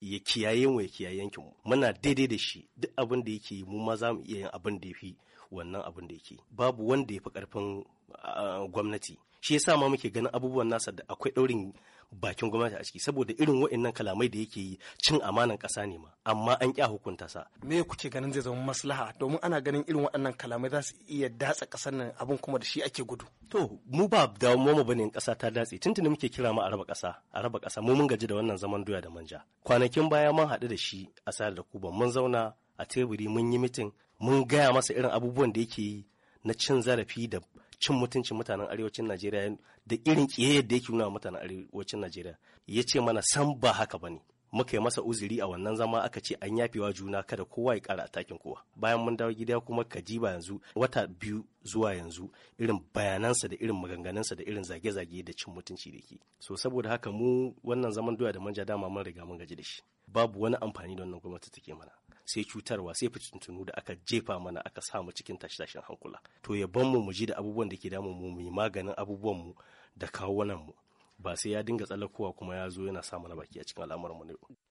ya kiyaye mu ya kiyaye yankin mu muna daidai da shi duk abin da yake mu ma za mu iya yin abin da yafi wannan abin da yake babu wanda yafi karfin ah, gwamnati shi yasa ma muke ganin abubuwan nasa da akwai daurin bakin gwamnati a ciki saboda irin waɗannan kalamai da yake yi cin amanan ƙasa ne ma amma an kya hukunta sa me kuke ganin zai zama maslaha domin ana ganin irin waɗannan kalamai za su iya datsa ƙasar nan abin kuma da shi ake gudu to mu ba da mu ne ƙasa ta datse tuntuni muke kira mu a raba ƙasa a raba ƙasa mu mun gaji da wannan zaman doya da manja kwanakin baya mun haɗu da shi a sa da kuban mun zauna a teburi mun yi mitin mun gaya masa irin abubuwan da yake yi na cin zarafi da cin mutuncin mutanen arewacin Najeriya da irin kiyayyar da yake nuna mutanen arewacin Najeriya ya ce mana san ba haka ba ne. Muka yi masa uziri a wannan zama aka ce an yafewa juna kada kowa ya kara atakin kowa. Bayan mun dawo gida kuma Kajiba yanzu wata biyu zuwa yanzu irin bayanansa da irin maganganunsa da irin zage-zage da cin mutunci da ke. So saboda haka mu wannan zaman doya da manja dama mun riga mun gaji da shi. Babu wani amfani da wannan gwamnati take mana. sai cutarwa sai fitintunu da aka jefa mana aka sa mu cikin tashe hankula to ya mu mu da abubuwan da ke damun mu mu maganin abubuwan mu da kawunan mu ba sai ya dinga tsallakowa kuma ya zo yana sa mana baki a cikin al'amuran mu ne